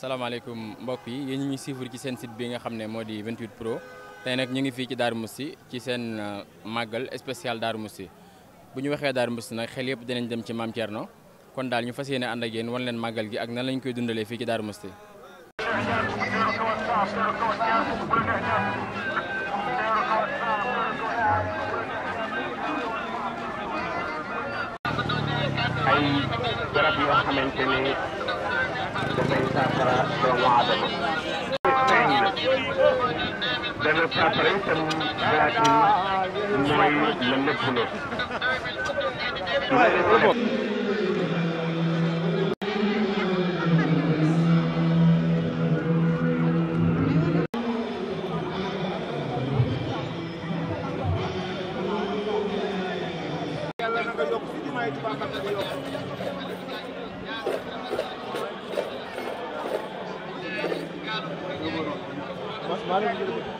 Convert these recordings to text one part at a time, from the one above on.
salaamaaleykum mbokk yi yéen ñuy suivre ci seen site bi nga xam ne moo di 28 pro tey nag ñu ngi fii ci daar Mousty ci seen euh, màggal spécial Darou Mousty bu ñu waxee daar Mousty nag xel yépp dinañ dem ci Maam Thierno kon daal ñu fas yéene ànd ak yéen wan leen màggal gi ak nan lañ koy dundalee fii ci Darou Mousty. ay saafara doomu aadama feeñ la dana saafara itam baatin mooy la nëbb nekk yàlla na nga yokk fi jumaay Tuubaa nga yokk Maaleykum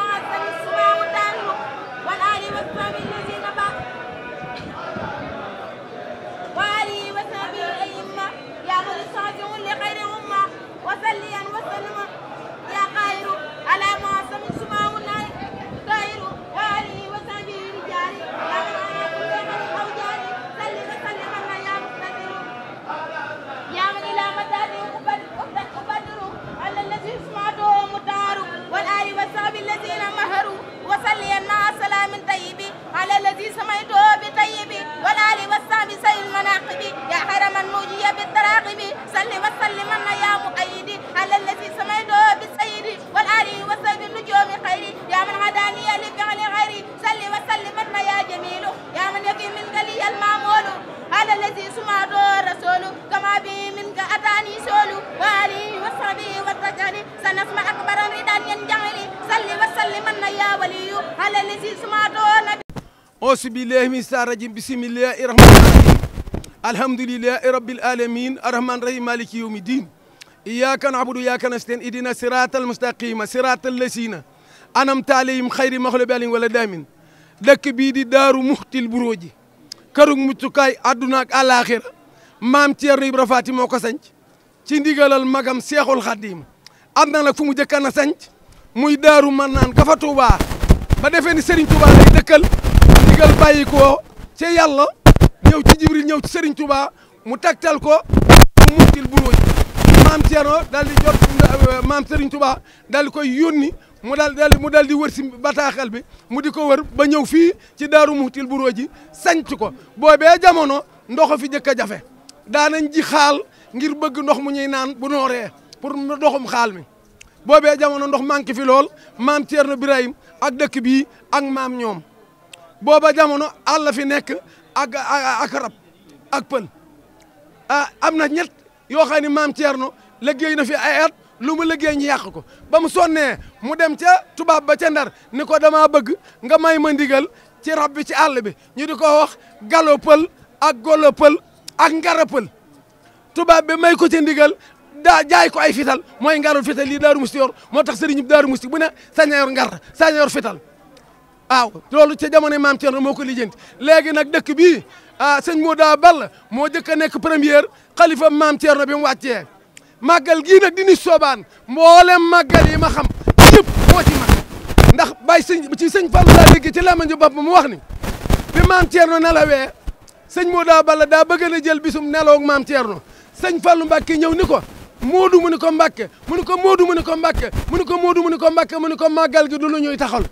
يا ولي على الذي سمعت نبي أعوذ بالله من الشيطان الرجيم بسم الله الرحمن الرحيم الحمد لله رب العالمين الرحمن الرحيم مالك يوم الدين إياك نعبد وإياك نستعين اهدنا الصراط المستقيم صراط الذين أنعمت عليهم خير مخلوق عليهم ولا دامين dëkk bii di daaru muxtil burooji kërug muccukaay àdduna ak àllaaxira maam Thierno Ibra Faati moo ko sanc ci ndigalal magam seexul xaddiim am na nag fu mu jëkkan a sanc muy daaru man naan ka fa ba defee ni sëriñ Touba lay dëkkal ndigal bàyyi ko ca yàlla ñëw ci Jibril ñëw ci sëriñ Touba mu tagtal ko mu muccil buróoj maam Thierno daal di jot euh, maam Serigne Touba daal di koy yónni mu daal mu daal di wër si bataaxal bi mu di ko wër ba ñëw fii ci daaru muxtil buróo ji sanc ko boobee jamono ndox fi jëkk a jafe daanañ ji xaal ngir bëgg ndox mu ñuy naan bu nooree pour ndoxum xaal mi boobee jamono ndox manqué fi lool maam Thierno Birahim ak dëkk bii ak maam ñoom booba jamono àll fi nekk ak ak rab ak pël a ah, am na ñett yoo xam ne maam Thierno liggéey na fi ay at lu mu liggéey ñu yàq ko ba mu sonnee mu dem ca tubaab ba ca ndar ni ko dama bëgg nga may ma ndigal ci rab bi ci àll bi ñu di ko wax galo pël ak golo pël ak ngara pël tubaab bi may ko ci ndigal daa jaay ko ay fital mooy ngarul fital yi daaru musti yor moo tax sëriñ bi daaru musti bu ne sañ a yor ngar sañ a yor fital waaw loolu ca jamono maam Thierno moo ko lijjanti léegi nag dëkk bii ah sëñ Moda Ball moo jëkk a nekk première xalifa maam Thierno bi mu wàccee màggal gii nag di soobaan mboolem màggal moo ci mag ndax bay sëñ ci sëñ Fallou laa dégg ci lamañu mu wax ni bi maam Thierno nelawee sëñ Moda Ball daa bëgg na jël bisum nelawog maam Thierno sëñ Fallou Mbacke ñëw ni ko Moodu mu ni ko Mbàkke mu ni ko Moodu mu ni ko Mbàkke mu ni ko Moodu mu ni ko Mbàkke mu ni ko màggal gi du lu ñuy taxal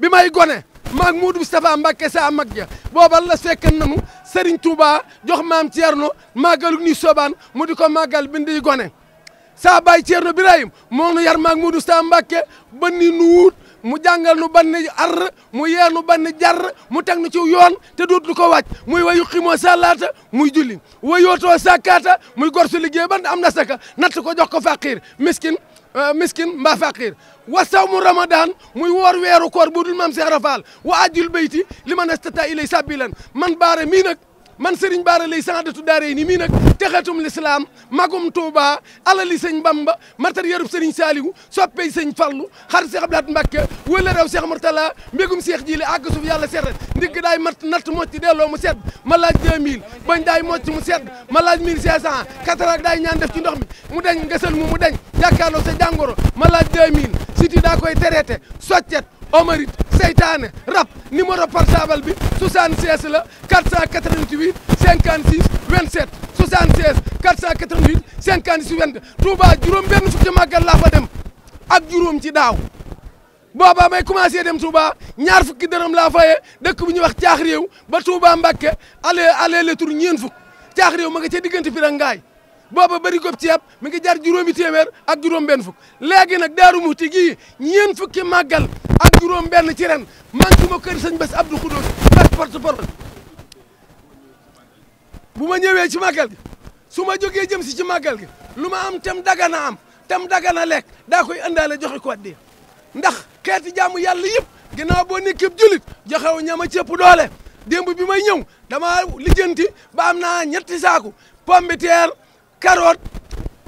bi may gone maag Moodu Moustapha Mbàkke sa mag ja boobal la fekk nanu Touba jox maam Thierno màggalu ni sobaan mu di ko màggal bindi gone saa baay Thierno Birahim moo nu yar maag Moodu Moustapha Mbàkke ba nu mu jàngal nu ban ar mu yee nu ban jar mu teg nu ciw yoon te duut lu ko wàcc muy wayu ximoo salaata muy julli wayootoo sakkaata muy gor su bann ban am na natt ko jox ko faqir miskin euh, miskin mbaa faqir wa sawmu ramadan muy woor weeru koor bu dul maam Seex Rafaal wa ajjul bayti li man astata ilay sabilan man baare mii nag man Serigne Bara Lay Saadatu Daarayni mii nag texatum lislaam magum Touba alali sëñ Bamba martar yarub Serigne Saliou soppey sëñ Fallu xar Cheikh Abdou Lahad Mbacké wala raw Cheikh Murtala mbégum Cheikh Jili àgg suuf yàlla sedd ndigg daay mat nat mocc delloo mu sedd ma laaj 2000 bañ daay mocc mu sedd ma laaj 1500 kataraak daay ñaan def ci ndox mi mu dañ ngesal mu mu dañ jàkkaarloo sa jàngoro ma laaj 2000 siti daa koy traité soccet Omarit seytaane rab numéro portable bi 76 la 488 56 27 76 488 56 22 Touba juróom benn fukki màggal laa fa dem ak juróom ci daaw boobaa may commencé dem Touba ñaar fukki dërëm laa fayee dëkk bu ñuy wax caax réew ba Touba Mbacke ale ale le tur ñeen fukk caax réew ma nga ca diggante Pire ak booba bëri ko ceeb mi ngi jar juróomi téeméer ak juróom benn fukk léegi nag daaru muti gii ñeen fukki màggal ak juróom benn ci ren manqué ma kër sëñ Bass Abdou Khoudoss ak bu ma ñëwee ci màggal gi su ma jógee jëm si ci màggal gi lu ma am tam dagana am tam dagana lekk daa koy andaale joxe ko di ndax xeeti jàmm yàlla yëpp ginnaaw boo nekkee jullit joxew ñama cëpp doole démb bi may ñëw dama lijjanti ba am naa ñetti saaku pomme de carotte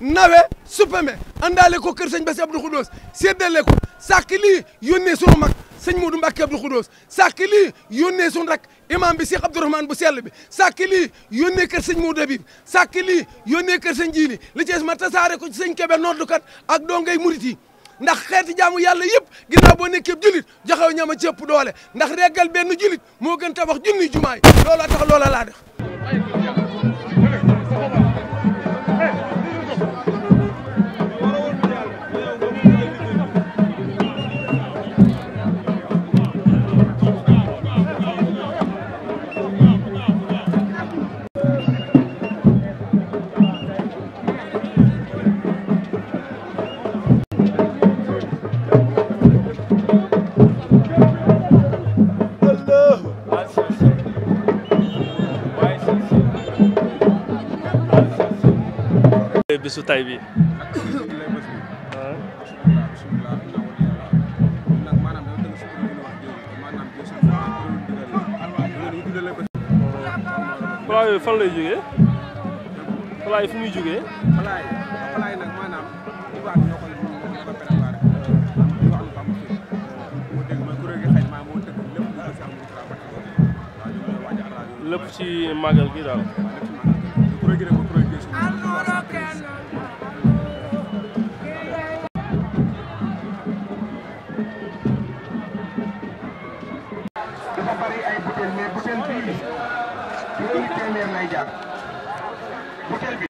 nawe supame àndaale ko kër sëñ Bass Abdou Khoudous séddale ko sàkk lii yónnee sunu mag sëñ Modou Mbacké Abdou Khoudous sàkk lii yónnee sunu rak imam bi Cheikh Abdourahmane bu sell bi sàkk lii yónnee kër sëñ Modou Habib sàkk lii yónnee kër sëñ Jili li ci des ma tasaare ko ci sëñ Kébé kat ak dongay murit yi ndax xeeti jaamu yàlla yëpp ginnaaw boo nekkee julit joxew ñama cëpp doole ndax reggal benn julit moo gën tabax junni jumaay loolaa tax loola laa def dundee bisu tay bi palaa yooyu fan lay jógee palaa yi fu muy jógee palaa yi palaa yi nag maanaam diwaan ñoo ko ñoo ko préparé diwaan ba mu fi moo dégg mooy kuréel gi xaj maa moo tëgg lépp lu ci am lu travail lépp ci màggal gi daal kuréel gi nag kuréel dafa bari ay butéel mais butéel bii juróomi téeméer lay jar butéel bi